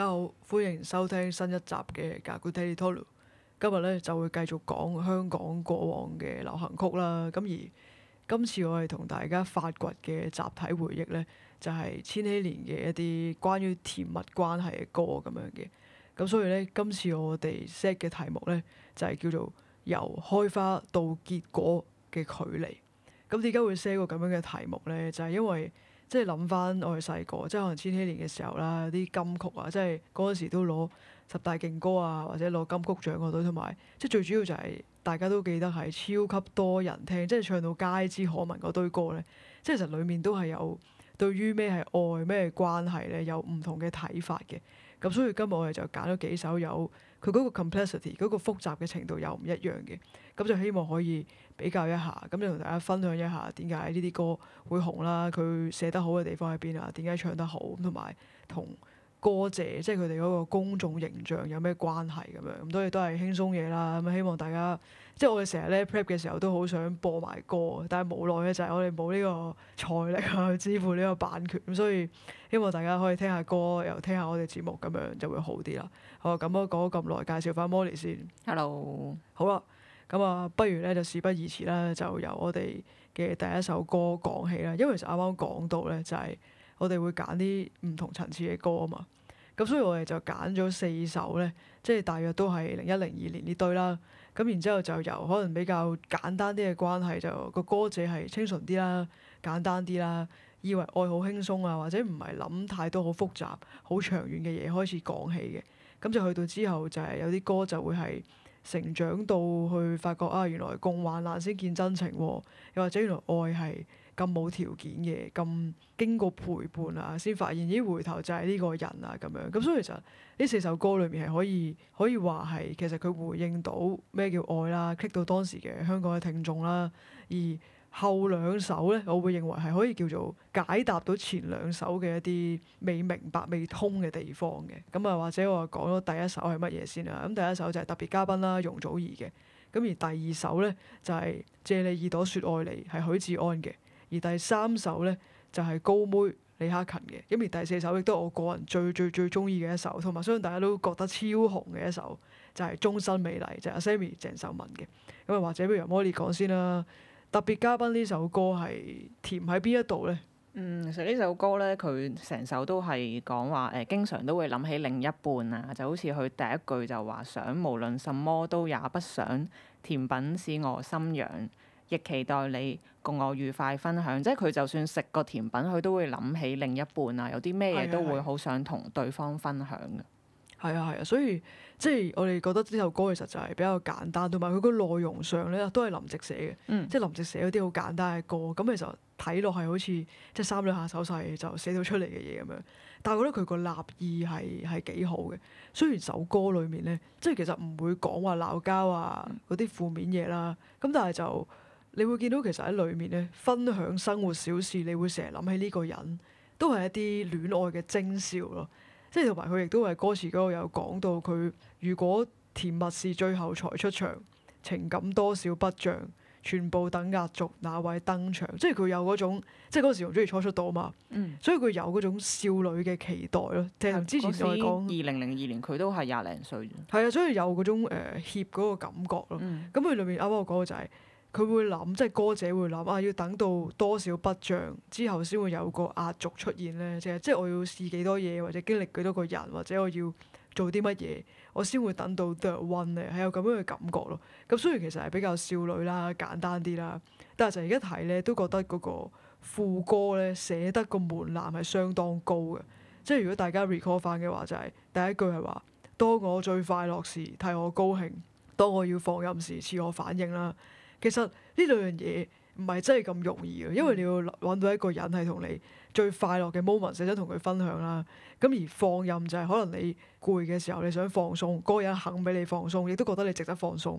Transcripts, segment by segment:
大家好，歡迎收聽新一集嘅《Gaguetato》。今日咧，就會繼續講香港過往嘅流行曲啦。咁而今次我係同大家發掘嘅集體回憶咧，就係千禧年嘅一啲關於甜蜜關係嘅歌咁樣嘅。咁所以咧，今次我哋 set 嘅題目咧，就係叫做由開花到結果嘅距離。咁點解會 set 個咁樣嘅題目咧？就係因為。即係諗翻我哋細個，即係可能千禧年嘅時候啦，啲金曲啊，即係嗰陣時都攞十大勁歌啊，或者攞金曲獎嗰堆，同埋即係最主要就係大家都記得係超級多人聽，即係唱到街知巷聞嗰堆歌咧，即係其實裡面都係有對於咩係愛咩關係咧，有唔同嘅睇法嘅。咁所以今日我哋就揀咗幾首有佢嗰個 complexity 嗰個複雜嘅程度又唔一樣嘅，咁就希望可以。比較一下，咁就同大家分享一下點解呢啲歌會紅啦？佢寫得好嘅地方喺邊啊？點解唱得好？同埋同歌者，即係佢哋嗰個公眾形象有咩關係咁樣？咁所以都係輕鬆嘢啦。咁希望大家，即係我哋成日咧 prep 嘅時候都好想播埋歌，但係無奈嘅就係我哋冇呢個財力去支付呢個版權，咁所以希望大家可以聽下歌，又聽下我哋節目，咁樣就會好啲啦。好，咁啊講咗咁耐，介紹翻 Molly 先。Hello，好啦。咁啊，不如咧就事不宜遲啦，就由我哋嘅第一首歌講起啦。因為其實啱啱講到咧，就係、是、我哋會揀啲唔同層次嘅歌啊嘛。咁所以我哋就揀咗四首咧，即、就、係、是、大約都係零一零二年呢堆啦。咁然之後就由可能比較簡單啲嘅關係，就個歌者係清純啲啦、簡單啲啦，以為愛好輕鬆啊，或者唔係諗太多好複雜、好長遠嘅嘢開始講起嘅。咁就去到之後就係有啲歌就會係。成長到去發覺啊，原來共患難先見真情喎、啊；又或者原來愛係咁冇條件嘅，咁經過陪伴啊，先發現啲回頭就係呢個人啊咁樣。咁所以其實呢四首歌裏面係可以可以話係其實佢回應到咩叫愛啦，click 到當時嘅香港嘅聽眾啦，而。後兩首咧，我會認為係可以叫做解答到前兩首嘅一啲未明白、未通嘅地方嘅咁啊。或者我講咗第一首係乜嘢先啦？咁第一首就係特別嘉賓啦，容祖兒嘅。咁而第二首咧就係借你耳朵說愛你，係許志安嘅。而第三首咧就係、是、高妹李克勤嘅。咁而第四首亦都係我個人最最最鍾意嘅一首，同埋相信大家都覺得超紅嘅一首就係、是《終身美麗》，就係阿、是、Sammy 鄭秀文嘅咁啊。或者不如由 Molly 講先啦。特別嘉賓呢首歌係甜喺邊一度咧？嗯，其實呢首歌咧，佢成首都係講話誒，經常都會諗起另一半啊，就好似佢第一句就話想無論什麼都也不想，甜品使我心癢，亦期待你共我愉快分享。即係佢就算食個甜品，佢都會諗起另一半啊，有啲咩嘢都會好想同對方分享嘅。係啊係啊，所以即係我哋覺得呢首歌其實就係比較簡單，同埋佢個內容上咧都係林夕寫嘅、嗯，即係林夕寫嗰啲好簡單嘅歌。咁其實睇落係好似即係三兩下手勢就寫到出嚟嘅嘢咁樣，但係我覺得佢個立意係係幾好嘅。雖然首歌裡面咧，即係其實唔會講話鬧交啊嗰啲負面嘢啦，咁但係就你會見到其實喺裡面咧分享生活小事，你會成日諗起呢個人，都係一啲戀愛嘅徵兆咯。即係同埋佢亦都係歌詞嗰個有講到佢，如果甜蜜是最後才出場，情感多少不像，全部等壓軸那位登場？即係佢有嗰種，即係嗰陣時仲中意初出道嘛？嗯、所以佢有嗰種少女嘅期待咯。聽、嗯、之前講二零零二年佢都係廿零歲，係啊，所以有嗰種誒、呃、怯嗰個感覺咯。咁佢裏面啱啱我講嘅就係。佢會諗，即係歌者會諗啊，要等到多少筆像之後先會有個壓軸出現咧？即係即係我要試幾多嘢，或者經歷幾多個人，或者我要做啲乜嘢，我先會等到 the one 咧，係有咁樣嘅感覺咯。咁雖然其實係比較少女啦，簡單啲啦，但係就而家睇咧都覺得嗰個副歌咧寫得個門檻係相當高嘅。即係如果大家 recall 翻嘅話，就係第一句係話：當我最快樂時，替我高興；當我要放任時，似我反應啦。其實呢兩樣嘢唔係真係咁容易嘅，因為你要揾到一個人係同你最快樂嘅 moment，捨得同佢分享啦。咁而放任就係可能你攰嘅時候，你想放鬆，嗰個人肯俾你放鬆，亦都覺得你值得放鬆。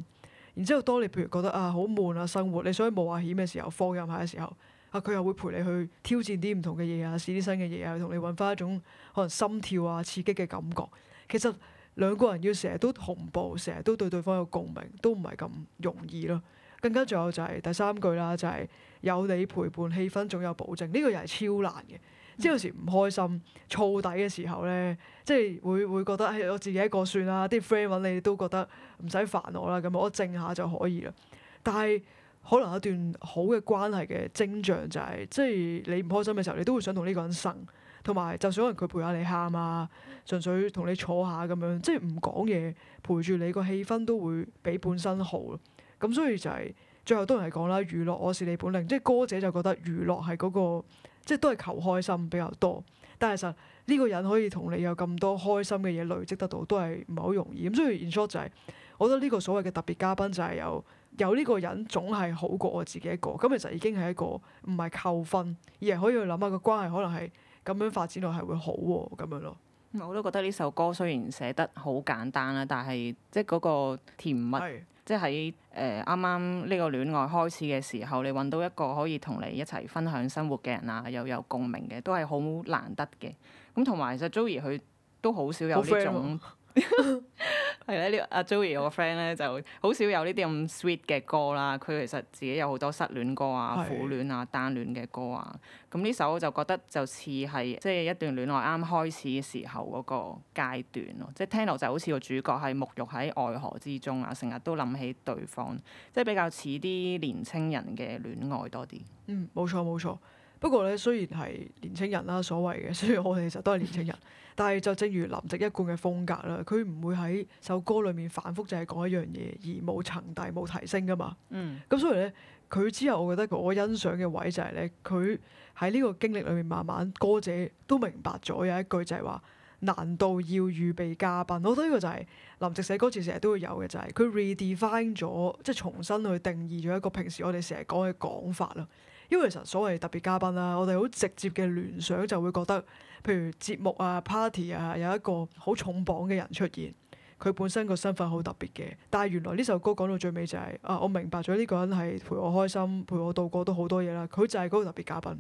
然之後當你譬如覺得啊好悶啊生活，你想冒下險嘅時候，放任下嘅時候，啊佢又會陪你去挑戰啲唔同嘅嘢啊，試啲新嘅嘢啊，同你揾翻一種可能心跳啊刺激嘅感覺。其實兩個人要成日都同步，成日都對對方有共鳴，都唔係咁容易咯。更加仲有就係第三句啦，就係、是、有你陪伴，氣氛總有保證。呢、這個又係超難嘅，即有時唔開心、燥底嘅時候咧，即係會會覺得誒、哎，我自己一個算啦，啲 friend 揾你都覺得唔使煩我啦，咁我靜下就可以啦。但係可能一段好嘅關係嘅徵象就係、是，即係你唔開心嘅時候，你都會想同呢個人呻，同埋就算可能佢陪下你喊啊，純粹同你坐下咁樣，即係唔講嘢，陪住你個氣氛都會比本身好。咁所以就係最後都同你講啦，娛樂我是你本領，即係歌者就覺得娛樂係嗰個，即係都係求開心比較多。但係其實呢個人可以同你有咁多開心嘅嘢累積得到，都係唔係好容易。咁所以 in short 就係，我覺得呢個所謂嘅特別嘉賓就係有有呢個人總係好過我自己一個。咁其實已經係一個唔係扣分，而係可以去諗下個關係可能係咁樣發展落去會好喎咁樣咯。我都覺得呢首歌雖然寫得好簡單啦，但係即係嗰個甜蜜。即係喺誒啱啱呢個戀愛開始嘅時候，你揾到一個可以同你一齊分享生活嘅人啊，又有共鳴嘅，都係好難得嘅。咁同埋其實 Joey 佢都好少有呢種。 係咧，呢阿 Joey 我個 friend 咧就好少有呢啲咁 sweet 嘅歌啦。佢其實自己有好多失戀歌啊、苦戀啊、單戀嘅歌啊。咁呢首就覺得就似係即係一段戀愛啱開始嘅時候嗰個階段咯。即係聽落就好似個主角係沐浴喺愛河之中啊，成日都諗起對方，即係比較似啲年青人嘅戀愛多啲。嗯，冇錯冇錯。不過咧，雖然係年青人啦，所謂嘅，雖然我哋其實都係年青人。 但係就正如林夕一貫嘅風格啦，佢唔會喺首歌裏面反覆就係講一樣嘢，而冇層遞冇提升噶嘛。咁、嗯、所以咧，佢之後我覺,我覺得我欣賞嘅位就係、是、咧，佢喺呢個經歷裏面慢慢歌者都明白咗有一句就係話：難道要預備嘉賓？我覺得呢個就係林夕寫歌時成日都會有嘅，就係、是、佢 redefine 咗，即係、就是、重新去定義咗一個平時我哋成日講嘅講法啦。因為其實所謂特別嘉賓啦，我哋好直接嘅聯想就會覺得，譬如節目啊、party 啊，有一個好重磅嘅人出現，佢本身個身份好特別嘅。但係原來呢首歌講到最尾就係啊，我明白咗呢個人係陪我開心、陪我度過都好多嘢啦。佢就係嗰個特別嘉賓。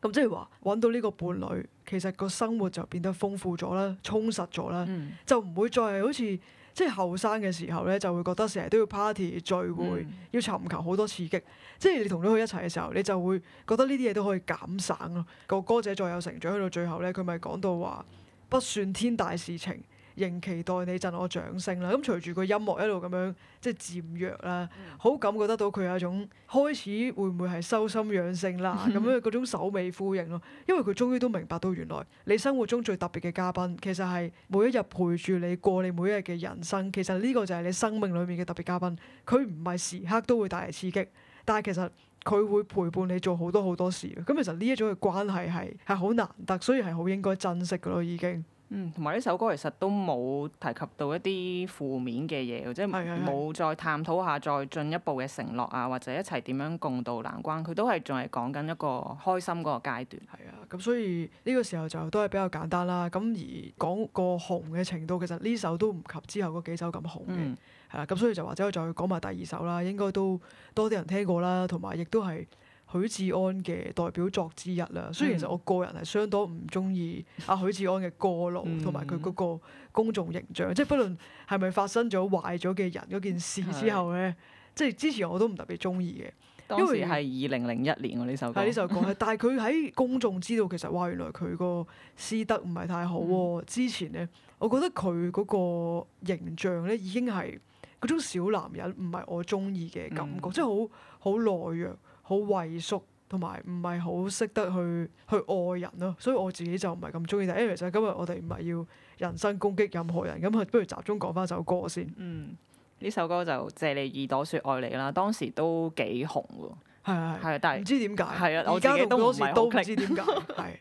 咁即係話揾到呢個伴侶，其實個生活就變得豐富咗啦、充實咗啦，嗯、就唔會再係好似。即係後生嘅時候咧，就會覺得成日都要 party 聚會，要尋求好多刺激。即你同咗佢一齊嘅時候，你就會覺得呢啲嘢都可以減省咯。個歌者再有成長，去到最後咧，佢咪講到話不算天大事情，仍期待你贈我掌聲啦！咁隨住個音樂一路咁樣即係漸弱啦，好、嗯、感覺得到佢有一種開始會唔會係修心養性啦？咁樣嗰種首尾呼應咯。因為佢終於都明白到，原來你生活中最特別嘅嘉賓，其實係每一日陪住你過你每一日嘅人生。其實呢個就係你生命裡面嘅特別嘉賓。佢唔係時刻都會帶嚟刺激，但係其實佢會陪伴你做好多好多事。咁其實呢一種嘅關係係好難得，所以係好應該珍惜㗎咯，已經。嗯，同埋呢首歌其實都冇提及到一啲負面嘅嘢，即係冇再探討下再進一步嘅承諾啊，或者一齊點樣共度難關，佢都係仲係講緊一個開心嗰個階段。係啊，咁所以呢個時候就都係比較簡單啦。咁而講個紅嘅程度，其實呢首都唔及之後嗰幾首咁紅嘅，係啦、嗯。咁所以就或者我再講埋第二首啦，應該都多啲人聽過啦，同埋亦都係。許志安嘅代表作之一啦，雖然其實我個人係相當唔中意阿許志安嘅歌路同埋佢嗰個公眾形象，即係不論係咪發生咗壞咗嘅人嗰件事之後咧，的即係之前我都唔特別中意嘅。因為當時係二零零一年喎呢首歌，係呢首歌但係佢喺公眾知道其實話原來佢個私德唔係太好喎。嗯、之前咧，我覺得佢嗰個形象咧已經係嗰種小男人，唔係我中意嘅感覺，嗯、即係好好懦弱。好畏縮，同埋唔係好識得去去愛人咯，所以我自己就唔係咁中意。睇。但係其實今日我哋唔係要人身攻擊任何人，咁不如集中講翻首歌先。嗯，呢首歌就借你耳朵說愛你啦，當時都幾紅喎。係係係，但係唔知點解係啊！我自己時都唔係都唔知點解。係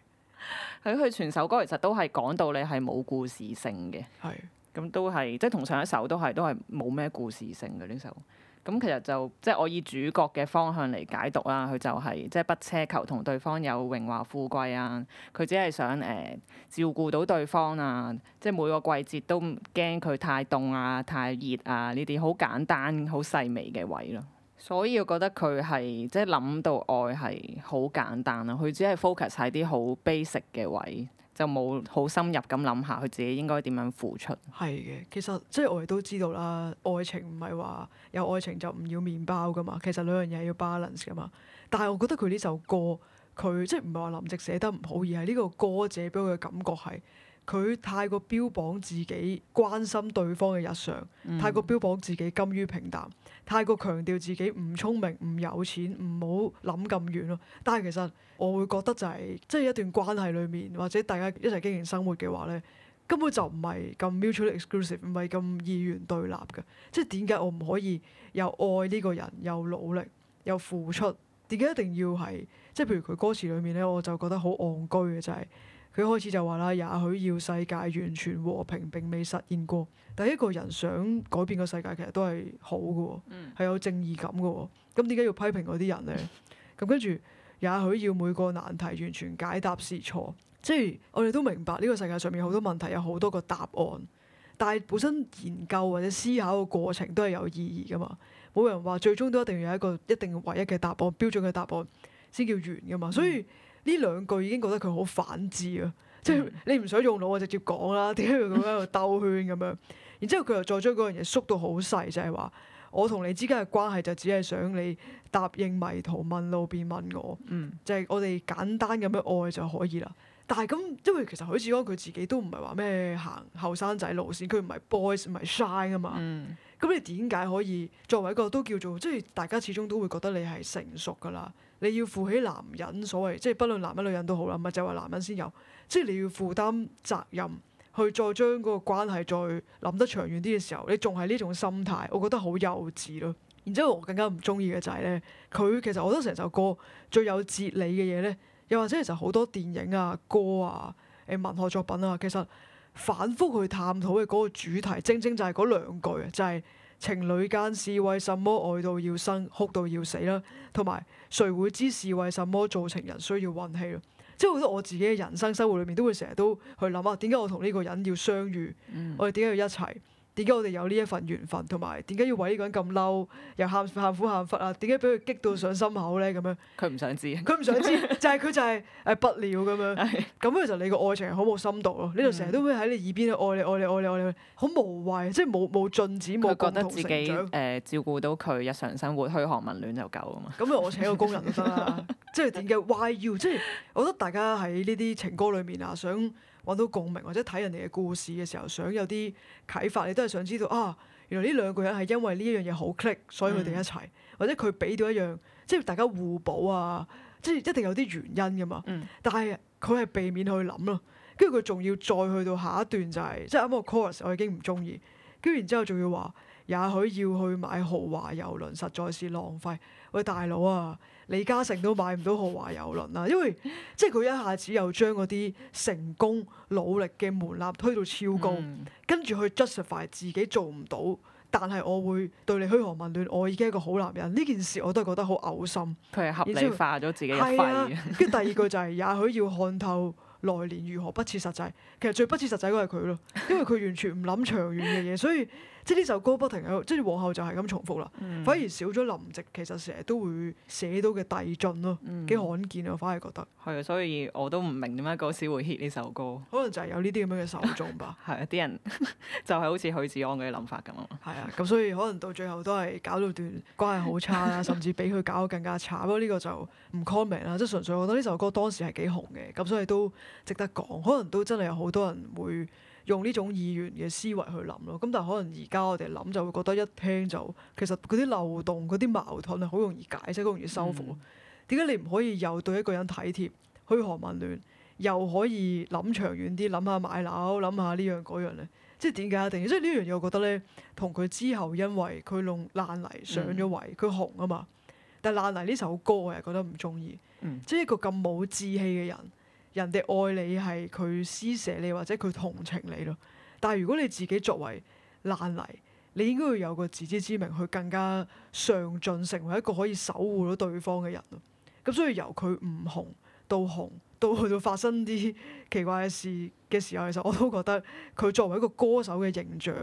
係，佢全首歌其實都係講到你係冇故事性嘅，係咁的都係即係同上一首都係都係冇咩故事性嘅呢首。咁其實就即我以主角嘅方向嚟解讀啦，佢就係即不奢求同對方有榮華富貴啊，佢只係想誒照顧到對方啊，即每個季節都唔驚佢太凍啊、太熱啊，呢啲好簡單、好細微嘅位咯。所以我覺得佢係即係諗到愛係好簡單咯，佢只係 focus 喺啲好 basic 嘅位。就冇好深入咁諗下，佢自己應該點樣付出？係嘅，其實即係我哋都知道啦，愛情唔係話有愛情就唔要麵包噶嘛，其實兩樣嘢係要 balance 噶嘛。但係我覺得佢呢首歌，佢即係唔係話林夕寫得唔好，而係呢個歌者俾我嘅感覺係。佢太過標榜自己關心對方嘅日常，嗯、太過標榜自己甘於平淡，太過強調自己唔聰明、唔有錢、唔好諗咁遠咯。但係其實我會覺得就係、是，即係一段關係裡面或者大家一齊經營生活嘅話咧，根本就唔係咁 mutually exclusive，唔係咁二元對立嘅。即係點解我唔可以又愛呢個人又努力又付出？點解一定要係即係？即係、譬如佢歌詞裡面咧，我就覺得好戇居嘅就係、是。佢開始就話啦，也許要世界完全和平並未實現過，但一個人想改變個世界其實都係好㗎喎，係、嗯、有正義感㗎喎。咁點解要批評嗰啲人咧？咁跟住，也許要每個難題完全解答是錯，即係我哋都明白呢個世界上面好多問題有好多個答案，但係本身研究或者思考個過程都係有意義㗎嘛。冇人話最終都一定要有一個一定唯一嘅答案、標準嘅答案先叫完㗎嘛。所以。嗯呢兩句已經覺得佢好反智啊！嗯、即係你唔想用腦，我直接講啦。點解要咁喺度兜圈咁樣？ 然之後佢又再將嗰樣嘢縮到好細，就係、是、話我同你之間嘅關係就只係想你答應迷途問路，便問我。嗯，就係我哋簡單咁樣愛就可以啦。但係咁，因為其實許志安佢自己都唔係話咩行後生仔路線，佢唔係 boys 唔係 shine 啊嘛。咁、嗯、你點解可以作為一個都叫做即係大家始終都會覺得你係成熟噶啦？你要負起男人所謂，即係不論男人女人都好啦，咪就話男人先有，即係你要負擔責任，去再將嗰個關係再諗得長遠啲嘅時候，你仲係呢種心態，我覺得好幼稚咯。然之後我更加唔中意嘅就係、是、咧，佢其實我覺得成首歌最有哲理嘅嘢咧，又或者其實好多電影啊、歌啊、誒文學作品啊，其實反覆去探討嘅嗰個主題，正正就係嗰兩句啊，就係、是。情侶間是為什麼愛到要生哭到要死啦，同埋誰會知是為什麼做情人需要運氣啦？即係好多我自己嘅人生生活裏面都會成日都去諗啊，點解我同呢個人要相遇？嗯、我哋點解要一齊？點解我哋有呢一份緣分，同埋點解要為呢個人咁嬲，又喊喊苦喊忽啊？點解俾佢激到上心口咧？咁樣佢唔想知，佢唔想知， 就係、是、佢就係、是、誒、哎、不了。咁、哎、樣。咁其實你個愛情係好冇深度咯。你就成日都喺你耳邊愛你愛你愛你愛你好無謂，即係冇冇進展。覺得自己誒、呃、照顧到佢日常生活噓寒問暖就夠啊嘛。咁啊，我請個工人都得啦。即係點解？Why you？即係我覺得大家喺呢啲情歌裏面啊，想。想搵到共鳴，或者睇人哋嘅故事嘅時候，想有啲啟發，你都係想知道啊，原來呢兩個人係因為呢一樣嘢好 click，所以佢哋一齊，嗯、或者佢俾到一樣，即係大家互補啊，即係一定有啲原因噶嘛。嗯、但係佢係避免去諗咯，跟住佢仲要再去到下一段就係、是，即係啱啱個 chorus，我已經唔中意，跟住然之後仲要話，也許要去買豪華遊輪，實在是浪費。喂，大佬啊！李嘉誠都買唔到豪華遊輪啦，因為即係佢一下子又將嗰啲成功努力嘅門檻推到超高，嗯、跟住去 justify 自己做唔到，但係我會對你虛寒問暖。我已經係一個好男人，呢件事我都覺得好嘔心。佢係合理化咗自己嘅廢。跟住第二個就係、是，也許要看透來年如何不切實際。其實最不切實際嘅係佢咯，因為佢完全唔諗長遠嘅嘢，所以。即係呢首歌不停喺度，即係往後就係咁重複啦。嗯、反而少咗林夕，其實成日都會寫到嘅遞進咯，幾、嗯、罕見啊！我反而覺得，係啊，所以我都唔明點解嗰時會 hit 呢首歌。可能就係有呢啲咁樣嘅受眾吧。係啊， 啲人就係好似許志安嘅諗法咁咯。係啊， 咁所以可能到最後都係搞到段關係好差啦，甚至比佢搞得更加慘咯。呢個就唔 comment 啦，即係純粹覺得呢首歌當時係幾紅嘅，咁所以都值得講，可能都真係有好多人會。用呢種意願嘅思維去諗咯，咁但係可能而家我哋諗就會覺得一聽就其實嗰啲漏洞、嗰啲矛盾啊，好容易解釋、好容易修復。點解、嗯、你唔可以又對一個人體貼、噓寒問暖，又可以諗長遠啲，諗下買樓、諗下呢樣嗰樣咧？即係點解一定即係呢樣嘢，我覺得咧，同佢之後因為佢弄爛泥上咗位，佢、嗯、紅啊嘛。但係爛泥呢首歌我又，覺得唔中意，嗯、即係一個咁冇志氣嘅人。人哋愛你係佢施捨你，或者佢同情你咯。但係如果你自己作為爛泥，你應該要有個自知之明，去更加上進，成為一個可以守護到對方嘅人咯。咁所以由佢唔紅到紅，到去到發生啲奇怪嘅事嘅時候，其實我都覺得佢作為一個歌手嘅形象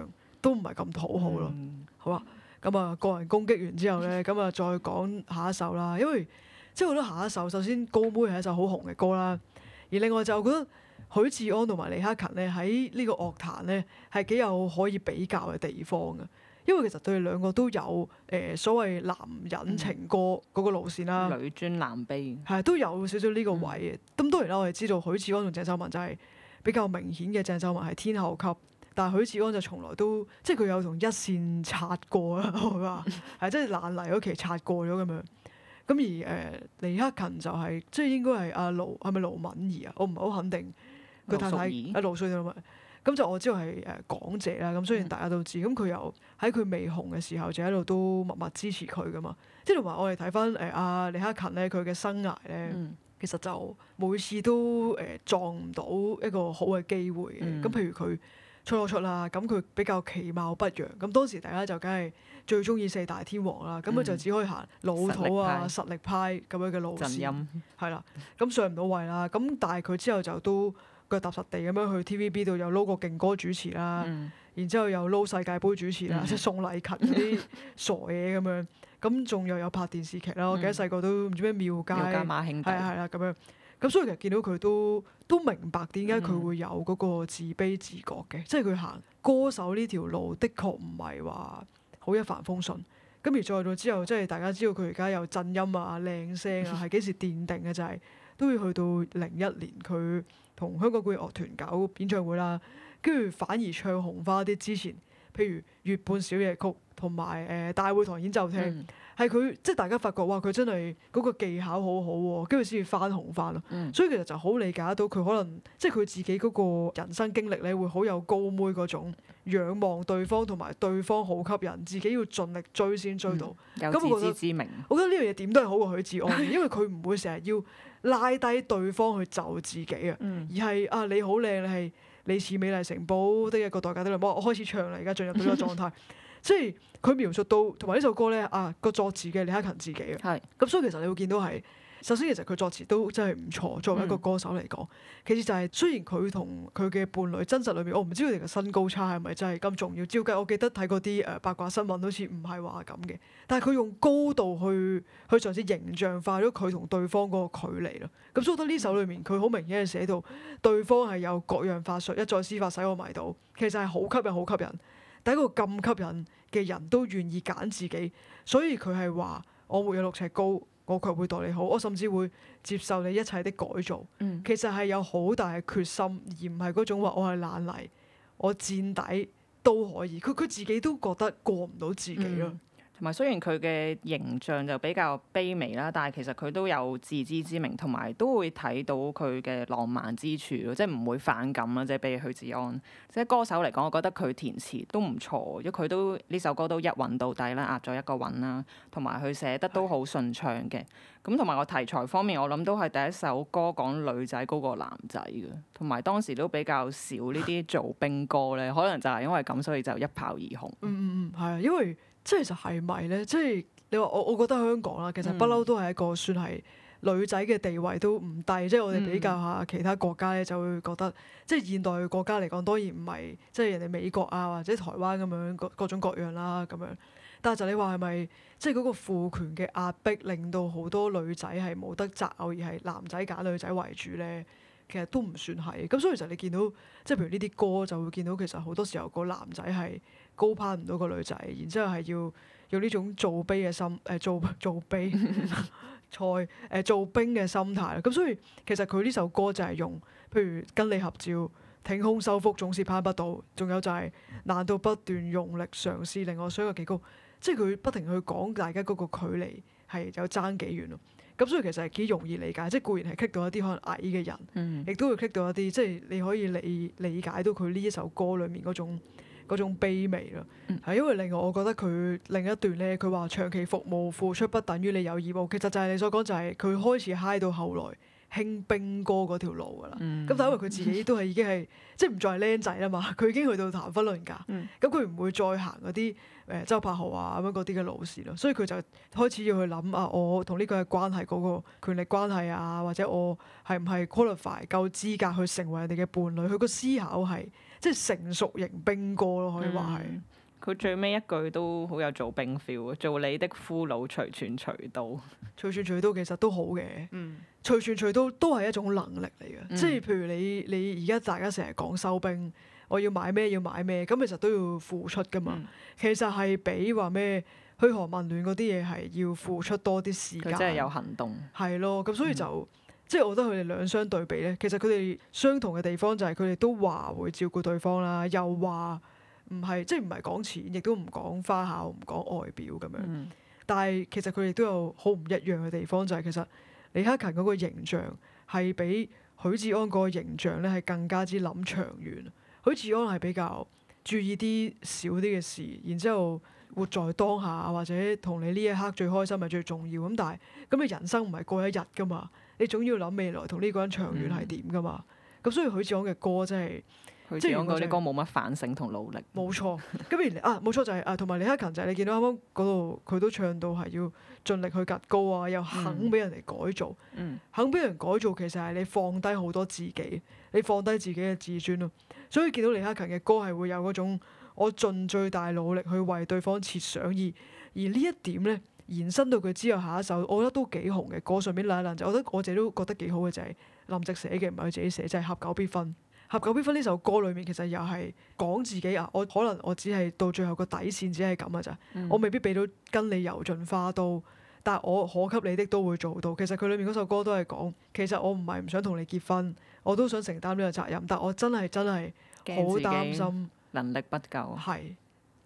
都唔係咁討、嗯、好咯。好啦，咁啊個人攻擊完之後呢，咁啊再講下一首啦，因為即係我覺得下一首。首先，高妹係一首好紅嘅歌啦。而另外就覺得許志安同埋李克勤咧，喺呢個樂壇咧，係幾有可以比較嘅地方嘅，因為其實佢哋兩個都有誒所謂男人情歌嗰個路線啦、嗯，女尊男卑係都有少少呢個位嘅。咁、嗯、當然啦，我哋知道許志安同鄭秀文就係比較明顯嘅，鄭秀文係天后級，但係許志安就從來都即係佢有同一線擦過啊，係咪？係即係爛泥嗰期擦過咗咁樣。咁而誒李、呃、克勤就係、是、即係應該係阿、啊、盧係咪盧敏儀啊？我唔係好肯定。佢太太阿、啊、盧淑儀啊嘛。咁就我知道係誒港姐啦。咁雖然大家都知，咁佢、嗯、又喺佢未紅嘅時候就喺度都默默支持佢噶嘛。即係同埋我哋睇翻誒阿李克勤咧，佢嘅生涯咧，嗯、其實就每次都誒、呃、撞唔到一個好嘅機會。咁譬如佢。出咗出啦，咁佢比較其貌不揚，咁當時大家就梗係最中意四大天王啦，咁佢、嗯、就只可以行老土啊、實力派咁樣嘅路線，係啦， 咁上唔到位啦，咁但係佢之後就都腳踏實地咁樣去 TVB 度又撈個勁歌主持啦，嗯、然之後又撈世界盃主持啦，嗯、即係宋禮勤啲傻嘢咁 樣，咁仲又有拍電視劇啦，嗯、我記得細個都唔知咩廟街，廟街媽兄弟係啊，係啊咁樣。對對對。咁所以其實見到佢都都明白點解佢會有嗰個自卑自覺嘅，即係佢行歌手呢條路的確唔係話好一帆風順，咁而再到之後即係大家知道佢而家有震音啊、靚聲啊，係幾時奠定嘅就係、是、都要去到零一年佢同香港管樂團搞演唱會啦，跟住反而唱紅返啲之前。譬如月半小夜曲同埋誒大會堂演奏廳，係佢即係大家發覺哇，佢真係嗰個技巧好好、啊、喎，跟住先至翻紅翻咯。嗯、所以其實就好理解到佢可能即係佢自己嗰個人生經歷咧，會好有高妹嗰種仰望對方同埋對方好吸引，自己要盡力追先追到、嗯。有自知之明。我覺得我覺得呢樣嘢點都係好過許志安， 因為佢唔會成日要拉低對方去就自己、嗯、啊，而係啊你好靚，你係。你似美麗城堡的一個代價啲啦，我我開始唱啦，而家進入到呢個狀態，即係佢描述到同埋呢首歌咧，啊個作詞嘅李克勤自己啊，咁是所以其實你會見到係。首先，其實佢作詞都真係唔錯，作為一個歌手嚟講。其次就係，雖然佢同佢嘅伴侶真實裏面，我唔知佢哋嘅身高差係咪真係咁重要。照計，我記得睇嗰啲誒八卦新聞，好似唔係話咁嘅。但係佢用高度去去嘗試形象化咗佢同對方嗰個距離咯。咁所以我覺得呢首裏面佢好明顯係寫到對方係有各樣法術，一再施法使我迷倒，其實係好吸引、好吸引。但係一個咁吸引嘅人都願意揀自己，所以佢係話我沒有六尺高。我卻會待你好，我甚至會接受你一切的改造。其實係有好大嘅決心，而唔係嗰種話我係爛泥，我墊底都可以。佢佢自己都覺得過唔到自己咯。嗯同埋雖然佢嘅形象就比較卑微啦，但係其實佢都有自知之明，同埋都會睇到佢嘅浪漫之處咯，即係唔會反感啦。即係比如許志安，即係歌手嚟講，我覺得佢填詞都唔錯，因為佢都呢首歌都一韻到底啦，押咗一個韻啦，同埋佢寫得都好順暢嘅。咁同埋個題材方面，我諗都係第一首歌講女仔高過男仔嘅，同埋當時都比較少呢啲做兵歌咧， 可能就係因為咁，所以就一炮而紅。嗯嗯嗯，係啊，因為。即係就係咪咧？即係你話我，我覺得香港啦，其實不嬲都係一個算係女仔嘅地位都唔低。嗯、即係我哋比較下其他國家咧，就會覺得、嗯、即係現代嘅國家嚟講，當然唔係即係人哋美國啊或者台灣咁樣各各種各樣啦、啊、咁樣。但係就你話係咪即係嗰個父權嘅壓迫，令到好多女仔係冇得擇偶，而係男仔揀女仔為主咧？其實都唔算係，咁所、呃、 所以其實你見到，即係譬如呢啲歌就會見到其實好多時候個男仔係高攀唔到個女仔，然之後係要用呢種做悲嘅心，誒做做悲賽，誒做兵嘅心態。咁所以其實佢呢首歌就係用，譬如跟你合照，挺胸收腹總是攀不到，仲有就係難度不斷用力嘗試令我想有幾高，即係佢不停去講大家嗰個距離係有爭幾遠咯。咁所以其實係幾容易理解，即固然係棘到一啲可能矮嘅人，亦、嗯、都會棘到一啲，即、就是、你可以理理解到佢呢一首歌裡面嗰種嗰種卑微咯。係、嗯、因為另外我覺得佢另一段咧，佢話長期服務付出不等於你有義務，其實就係你所講就係佢開始 high 到後來。興兵哥嗰條路噶啦，咁、嗯、但係因為佢自己都係已經係 即係唔再係僆仔啦嘛，佢已經去到談婚論嫁，咁佢唔會再行嗰啲誒周柏豪啊咁樣嗰啲嘅路線咯，所以佢就開始要去諗啊，我同呢個嘅關係嗰、嗰個權力關係啊，或者我係唔係 qualify 夠資格去成為人哋嘅伴侶，佢個思考係即係成熟型兵哥咯，可以話係。嗯佢最尾一句都好有做兵 feel，做你的俘虜隨傳隨到，隨傳隨到其實都好嘅。嗯，隨傳隨到都係一種能力嚟嘅，嗯、即係譬如你你而家大家成日講收兵，我要買咩要買咩，咁其實都要付出噶嘛。嗯、其實係比話咩噓寒問暖嗰啲嘢係要付出多啲時間。佢真係有行動。係咯，咁所以就、嗯、即係我覺得佢哋兩相對比咧，其實佢哋相同嘅地方就係佢哋都話會照顧對方啦，又話。唔係即係唔係講錢，亦都唔講花巧，唔講外表咁樣。嗯、但係其實佢哋都有好唔一樣嘅地方，就係、是、其實李克勤嗰個形象係比許志安嗰個形象咧係更加之諗長遠。許志安係比較注意啲少啲嘅事，然之後活在當下，或者同你呢一刻最開心係最重要。咁但係咁你人生唔係過一日㗎嘛？你總要諗未來同呢個人長遠係點㗎嘛？咁、嗯、所以許志安嘅歌真係。即係唱嗰啲歌冇乜反省同努力、就是，冇 錯。咁而啊，冇錯就係、是、啊，同埋李克勤就係、是、你見到啱啱嗰度，佢都唱到係要盡力去格高啊，又肯俾人哋改造。嗯嗯、肯俾人改造其實係你放低好多自己，你放低自己嘅自尊咯。所以見到李克勤嘅歌係會有嗰種我盡最大努力去為對方設想意，而而呢一點咧延伸到佢之後下一首，我覺得都幾紅嘅歌上面。林林就我覺得我自己都覺得幾好嘅就係、是、林夕寫嘅，唔係佢自己寫，就係、是、合久必分。合久必分呢首歌裏面，其實又係講自己啊！我可能我只係到最後個底線只係咁嘅咋，嗯、我未必俾到跟你遊盡花都，但我可給你的都會做到。其實佢裏面嗰首歌都係講，其實我唔係唔想同你結婚，我都想承擔呢個責任，但我真係真係好擔心能力不夠。係，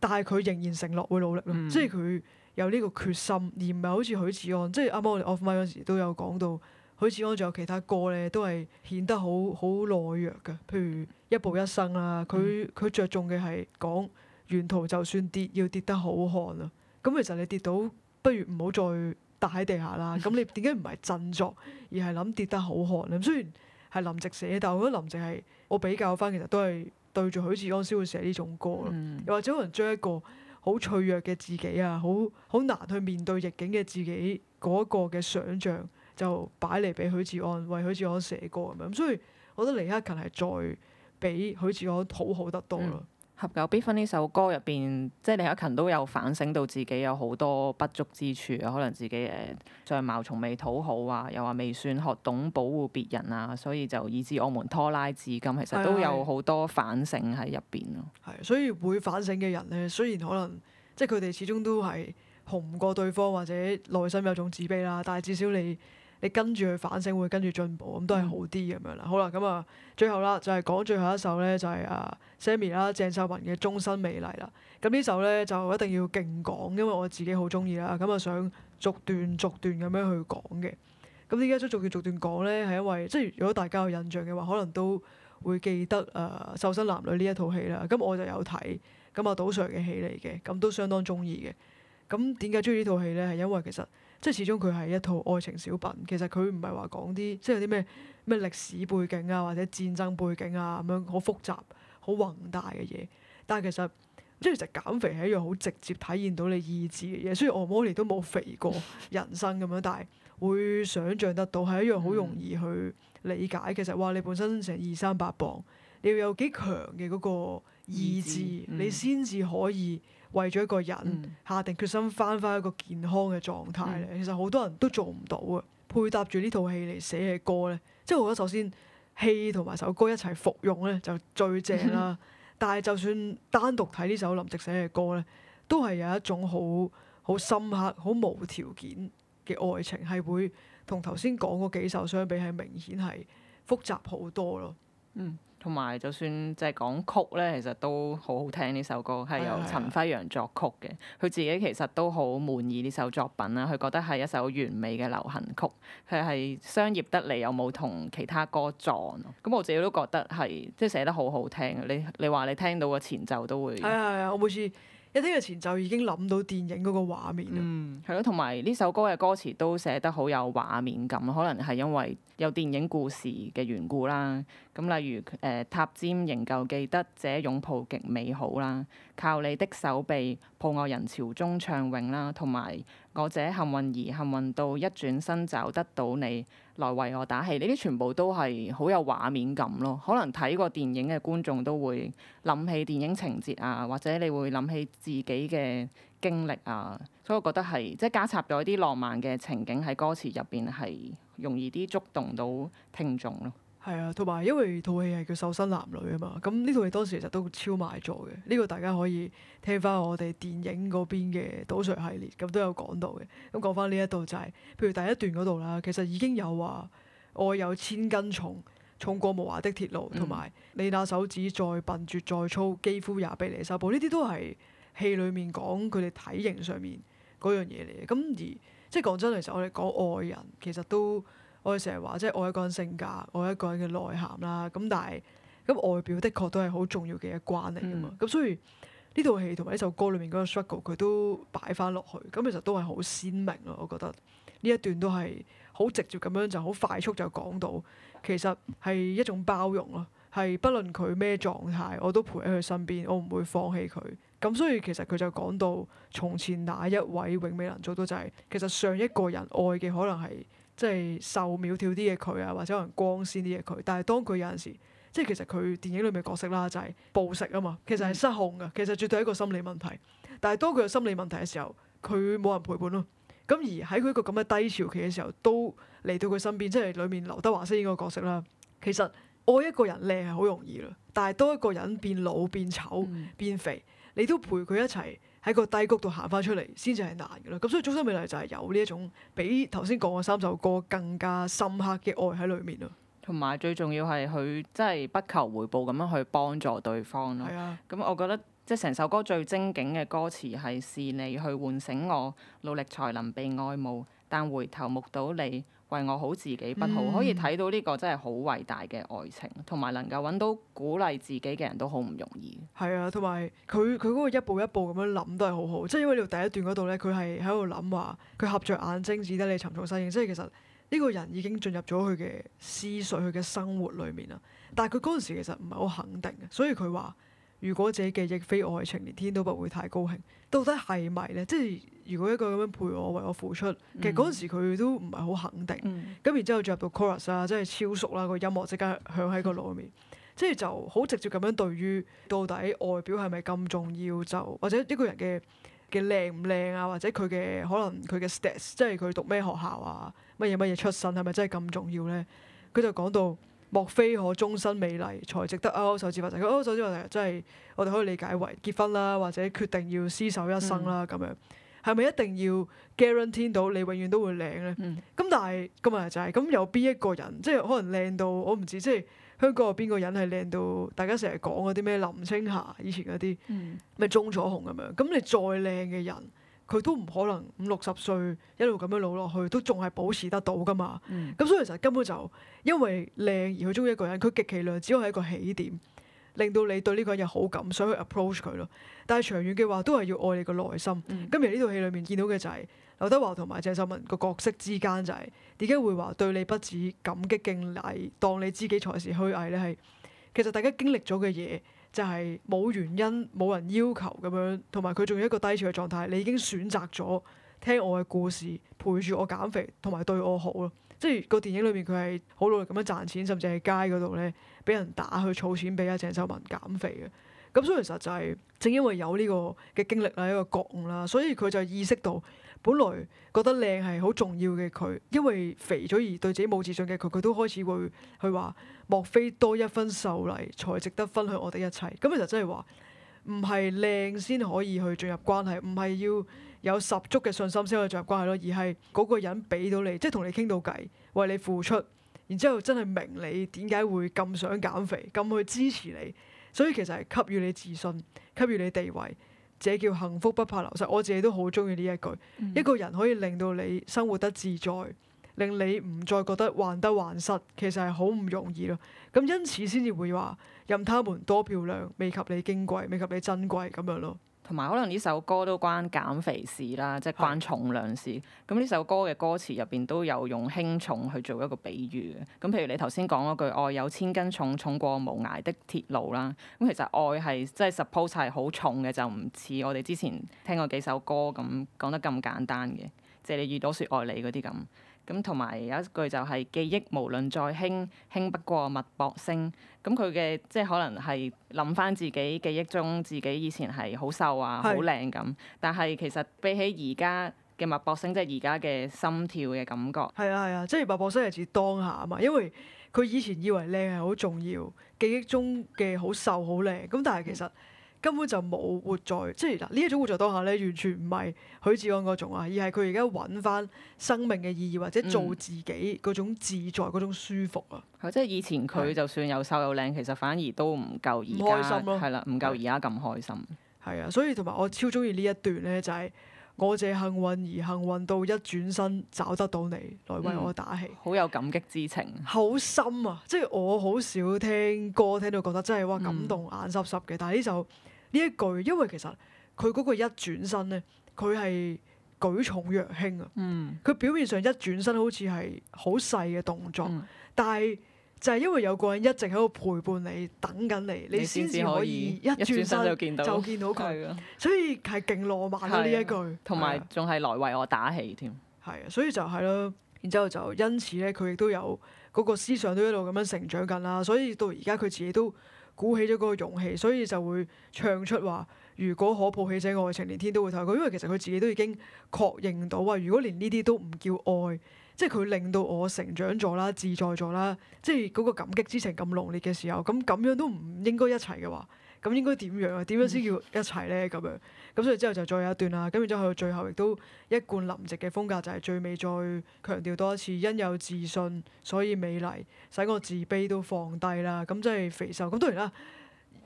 但係佢仍然承諾會努力咯，嗯、即係佢有呢個決心，而唔係好似許志安，即係啱啱我嘅 Off My 嗰陣時都有講到。許志安仲有其他歌咧，都係顯得好好懦弱嘅。譬如《一步一生》啦、啊，佢佢、嗯、著重嘅係講沿途就算跌，要跌得好看啊。咁其實你跌到，不如唔好再笪喺地下啦。咁你點解唔係振作，而係諗跌得好看咧？雖然係林夕寫，但我覺得林夕係我比較翻，其實都係對住許志安先會寫呢種歌咯、啊。又、嗯、或者可能將一個好脆弱嘅自己啊，好好難去面對逆境嘅自己嗰一個嘅想像。就擺嚟俾許志安為許志安寫歌咁樣，所以我覺得李克勤係再俾許志安討好得多咯、嗯。合久必分呢首歌入邊，即係李克勤都有反省到自己有好多不足之處啊，可能自己誒相貌從未討好啊，又話未算學懂保護別人啊，所以就以致我們拖拉至今，其實都有好多反省喺入邊咯。係是，所以會反省嘅人咧，雖然可能即係佢哋始終都係紅唔過對方，或者內心有種自卑啦，但係至少你。你跟住去反省，會跟住進步，咁都係好啲咁樣啦。嗯、好啦，咁啊，最後啦，就係、是、講最後一首咧，就係、是、啊、uh, Sammy 啦，鄭秀文嘅《終身美麗》啦。咁呢首咧就一定要勁講，因為我自己好中意啦。咁啊，想逐段逐段咁樣去講嘅。咁點解逐段逐段講咧，係因為即係如果大家有印象嘅話，可能都會記得誒《uh, 瘦身男女》呢一套戲啦。咁我就有睇，咁啊，賭 Sir 嘅戲嚟嘅，咁都相當中意嘅。咁點解中意呢套戲咧？係因為其實。即係始終佢係一套愛情小品，其實佢唔係話講啲即有啲咩咩歷史背景啊，或者戰爭背景啊咁樣好複雜、好宏大嘅嘢。但係其實即係其實減肥係一樣好直接體現到你意志嘅嘢。雖然我阿媽都冇肥過人生咁樣，但係會想像得到係一樣好容易去理解。其實話，你本身成二三百磅，你要有幾強嘅嗰個意志，你先至可以。為咗一個人下定決心翻返一個健康嘅狀態咧，其實好多人都做唔到啊！配搭住呢套戲嚟寫嘅歌咧，即係我覺得首先戲同埋首歌一齊服用咧就最正啦。 但係就算單獨睇呢首林夕寫嘅歌咧，都係有一種好好深刻、好無條件嘅愛情，係會同頭先講嗰幾首相比，係明顯係複雜好多咯。嗯。 同埋就算即係講曲咧，其實都好好聽呢首歌，係由陳輝陽作曲嘅。佢自己其實都好滿意呢首作品啦，佢覺得係一首完美嘅流行曲。佢係商業得嚟又冇同其他歌撞，咁我自己都覺得係即係寫得好好聽。你你話你聽到個前奏都會，係啊，我每次。呢個前就已經諗到電影嗰個畫面，嗯，係咯，同埋呢首歌嘅歌詞都寫得好有畫面感，可能係因為有電影故事嘅緣故啦。咁例如誒、呃，塔尖仍舊記得這擁抱極美好啦，靠你的手臂抱我人潮中暢泳啦，同埋我這幸運兒幸運到一轉身找得到你，來為我打氣，呢啲全部都係好有畫面感咯。可能睇過電影嘅觀眾都會諗起電影情節啊，或者你會諗起自己嘅經歷啊，所以我覺得係即係加插咗一啲浪漫嘅情景喺歌詞入邊係容易啲觸動到聽眾咯。係啊，同埋因為套戲係叫瘦身男女啊嘛，咁呢套戲當時其實都超賣座嘅。呢、這個大家可以聽翻我哋電影嗰邊嘅賭場系列，咁都有講到嘅。咁講翻呢一度就係、是，譬如第一段嗰度啦，其實已經有話愛有千斤重，重過無瑕的鐵路，同埋、嗯、你那手指再笨拙再粗，肌膚也比你瘦薄。呢啲都係戲裡面講佢哋體型上面嗰樣嘢嚟嘅。咁而即係講真，其實我哋講愛人，其實都我哋成日話，即係愛一個人性格，愛一個人嘅內涵啦。咁但係，咁外表的確都係好重要嘅一關嚟㗎嘛。咁、嗯、所以呢套戲同埋呢首歌裏面嗰個 shuttle，佢都擺翻落去。咁其實都係好鮮明咯。我覺得呢一段都係好直接咁樣，就好快速就講到，其實係一種包容咯。係不論佢咩狀態，我都陪喺佢身邊，我唔會放棄佢。咁所以其實佢就講到，從前那一位永未能做到就係、是，其實上一個人愛嘅可能係。即係瘦苗條啲嘅佢啊，或者可能光鮮啲嘅佢，但係當佢有陣時，即係其實佢電影裏面角色啦，就係暴食啊嘛，其實係失控㗎，其實絕對係一個心理問題。但係當佢有心理問題嘅時候，佢冇人陪伴咯。咁而喺佢一個咁嘅低潮期嘅時候，都嚟到佢身邊，即係裏面劉德華飾演個角色啦。其實愛一個人靚係好容易嘞，但係當一個人變老、變醜、變肥，你都陪佢一齊。喺個低谷度行翻出嚟，先至係難嘅啦。咁所以終生美麗就係有呢一種比頭先講嘅三首歌更加深刻嘅愛喺裏面咯。同埋最重要係佢真係不求回報咁樣去幫助對方咯。係啊。咁我覺得即係成首歌最精警嘅歌詞係：是你去喚醒我，努力才能被愛慕，但回頭目睹你。為我好自己不好，嗯，可以睇到呢個真係好偉大嘅愛情，同埋能夠揾到鼓勵自己嘅人都好唔容易。係啊，同埋佢佢嗰個一步一步咁樣諗都係好好，即係因為呢第一段嗰度咧，佢係喺度諗話佢合着眼睛只得你沉重身影，即係其實呢個人已經進入咗佢嘅思緒、佢嘅生活裏面啦。但係佢嗰陣時其實唔係好肯定，所以佢話。如果自己嘅亦非愛情，連天都不會太高興，到底係咪咧？即係如果一個咁樣陪我、為我付出，其實嗰陣時佢都唔係好肯定。咁、嗯、然之後進入到 chorus 啦，即係超熟啦，個音樂即刻響喺個腦入面，嗯、即係就好直接咁樣對於到底外表係咪咁重要？就或者一個人嘅嘅靚唔靚啊，或者佢嘅可能佢嘅 status，即係佢讀咩學校啊，乜嘢乜嘢出身係咪真係咁重要咧？佢就講到。莫非可終身美麗才值得勾、哦、手指發誓？勾、哦、手指發誓真係我哋可以理解為結婚啦，或者決定要厮守一生啦，咁、嗯、樣，係咪一定要 guarantee 到你永遠都會靚咧？咁、嗯、但係咁啊，就係、是、咁有邊一個人即係可能靚到我唔知，即係香港有邊個人係靚到大家成日講嗰啲咩林青霞以前嗰啲，咩鐘、嗯、楚紅咁樣？咁你再靚嘅人。佢都唔可能五六十歲一路咁樣老落去，都仲係保持得到噶嘛？咁、嗯、所以其實根本就因為靚而佢中意一個人，佢極其量只係一個起點，令到你對呢個人有好感，想去 approach 佢咯。但係長遠嘅話，都係要愛你個內心。咁而呢套戲裡面見到嘅就係劉德華同埋鄭秀文個角色之間就係、是，點解會話對你不止感激敬禮，當你知己才是虛偽呢？係其實大家經歷咗嘅嘢。就係冇原因，冇人要求咁樣，同埋佢仲要一個低潮嘅狀態。你已經選擇咗聽我嘅故事，陪住我減肥，同埋對我好咯。即係個電影裏面佢係好努力咁樣賺錢，甚至喺街嗰度咧俾人打去儲錢俾阿鄭秀文減肥嘅。咁所以其實就係正因為有呢個嘅經歷啦、一個覺悟啦，所以佢就意識到，本來覺得靚係好重要嘅佢，因為肥咗而對自己冇自信嘅佢，佢都開始會去話：莫非多一分秀麗，才值得分享我哋一切？咁其實真係話，唔係靚先可以去進入關係，唔係要有十足嘅信心先可以進入關係咯，而係嗰個人俾到你，即係同你傾到偈，為你付出，然之後真係明你點解會咁想減肥，咁去支持你。所以其實係給予你自信，給予你地位，這叫幸福不怕流失。我自己都好中意呢一句。嗯、一個人可以令到你生活得自在，令你唔再覺得患得患失，其實係好唔容易咯。咁因此先至會話，任他們多漂亮，未及你矜貴，未及你珍貴咁樣咯。同埋可能呢首歌都關減肥事啦，即係關重量事。咁呢、oh. 首歌嘅歌詞入邊都有用輕重去做一個比喻嘅。咁譬如你頭先講嗰句愛有千斤重重過無涯的鐵路啦，咁其實愛係即係 suppose 係好重嘅，就唔似我哋之前聽過幾首歌咁講得咁簡單嘅，即係你愈到説愛你嗰啲咁。咁同埋有一句就係、是、記憶無論再輕，輕不過脈搏聲，咁佢嘅即係可能係諗返自己記憶中自己以前係好瘦啊、好靚咁，但係其實比起而家嘅脈搏聲，即係而家嘅心跳嘅感覺，係啊係啊，即係脈搏聲係似當下啊嘛，因為佢以前以為靚係好重要，記憶中嘅好瘦好靚，咁但係其實。嗯根本就冇活在，即係嗱呢一種活在當下咧，完全唔係許志安嗰種啊，而係佢而家揾翻生命嘅意義或者做自己嗰種自在嗰種舒服啊。係、嗯、即係以前佢就算又瘦又靚，是其實反而都唔夠而家係啦，唔夠而家咁開心。係啊，所以同埋我超中意呢一段咧，就係、是。我借幸運而幸運到一轉身找得到你，來為我打氣。好、嗯、有感激之情，好深啊！即係我好少聽歌，聽到覺得真係哇，感動、嗯、眼濕濕嘅。但係呢首呢一句，因為其實佢嗰個一轉身呢，佢係舉重若輕啊！佢、嗯、表面上一轉身好似係好細嘅動作，嗯、但係。就係因為有個人一直喺度陪伴你，等緊你，你先至可以一轉身就見到佢。是的 所以係勁浪漫咯呢一句，同埋仲係來為我打氣添。係啊，所以就係咯。然之後就因此咧，佢亦都有嗰個思想都一路咁樣成長緊啦。所以到而家佢自己都鼓起咗嗰個勇氣，所以就會唱出話：如果可抱起這愛情，連天都會睇過。因為其實佢自己都已經確認到啊，如果連呢啲都唔叫愛。即係佢令到我成長咗啦、自在咗啦，即係嗰個感激之情咁濃烈嘅時候，咁咁樣都唔應該一齊嘅話，咁應該點樣啊？點樣先叫一齊咧？咁樣。咁所以之後就再有一段啦，咁然之後去到最後亦都一貫林夕嘅風格，就係最尾再強調多一次：因有自信所以美麗，使我自卑都放低啦。咁即係肥瘦咁當然啦。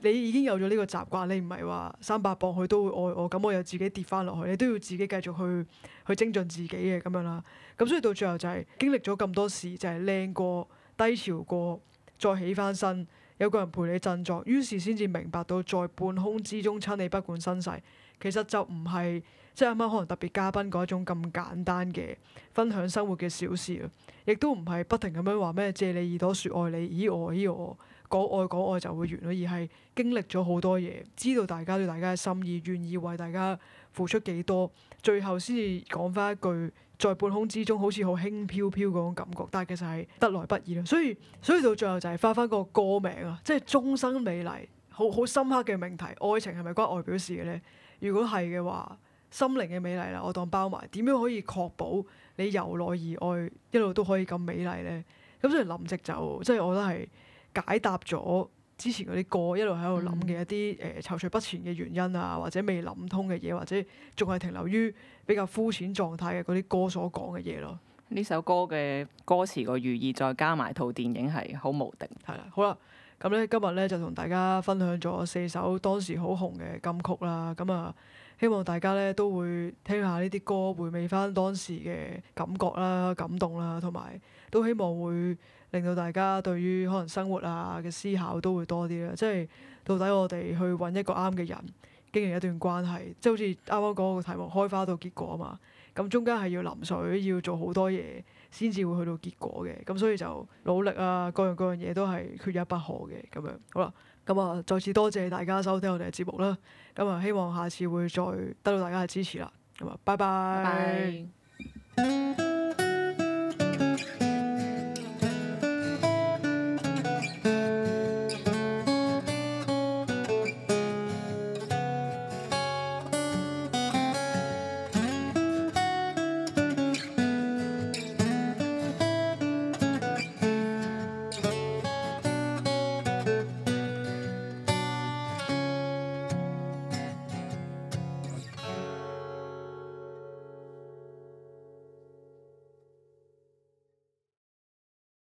你已經有咗呢個習慣，你唔係話三百磅佢都會愛我，咁我又自己跌翻落去，你都要自己繼續去去精進自己嘅咁樣啦。咁所以到最後就係、是、經歷咗咁多事，就係、是、靚過低潮過，再起翻身，有個人陪你振作，於是先至明白到在半空之中親你不管身世，其實就唔係，即係啱啱可能特別嘉賓嗰種咁簡單嘅分享生活嘅小事，亦都唔係不停咁樣話咩借你耳朵説愛你，咦我咦我。講愛講愛就會完咯，而係經歷咗好多嘢，知道大家對大家嘅心意，願意為大家付出幾多，最後先至講翻一句，在半空之中好似好輕飄飄嗰種感覺，但係其實係得來不易咯。所以所以到最後就係翻翻個歌名啊，即係終身美麗，好好深刻嘅命題。愛情係咪關外表事嘅咧？如果係嘅話，心靈嘅美麗啦，我當包埋。點樣可以確保你由內而外一路都可以咁美麗咧？咁所以林夕就即係我都係。解答咗之前嗰啲歌一路喺度諗嘅一啲誒躊躇不前嘅原因啊，或者未諗通嘅嘢，或者仲係停留於比較膚淺狀態嘅嗰啲歌所講嘅嘢咯。呢首歌嘅歌詞個寓意再加埋套電影係好無敵。係啦，好啦，咁咧今日咧就同大家分享咗四首當時好紅嘅金曲啦，咁啊。希望大家咧都會聽下呢啲歌，回味翻當時嘅感覺啦、感動啦，同埋都希望會令到大家對於可能生活啊嘅思考都會多啲啦。即係到底我哋去揾一個啱嘅人，經營一段關係，即係好似啱啱講嗰個題目《開花到結果》啊嘛。咁中間係要淋水，要做好多嘢，先至會去到結果嘅。咁所以就努力啊，各樣各樣嘢都係缺一不可嘅咁樣。好啦，咁啊，再次多謝大家收聽我哋嘅節目啦。咁啊，希望下次會再得到大家嘅支持啦。咁啊，拜拜。Bye bye. Bye bye.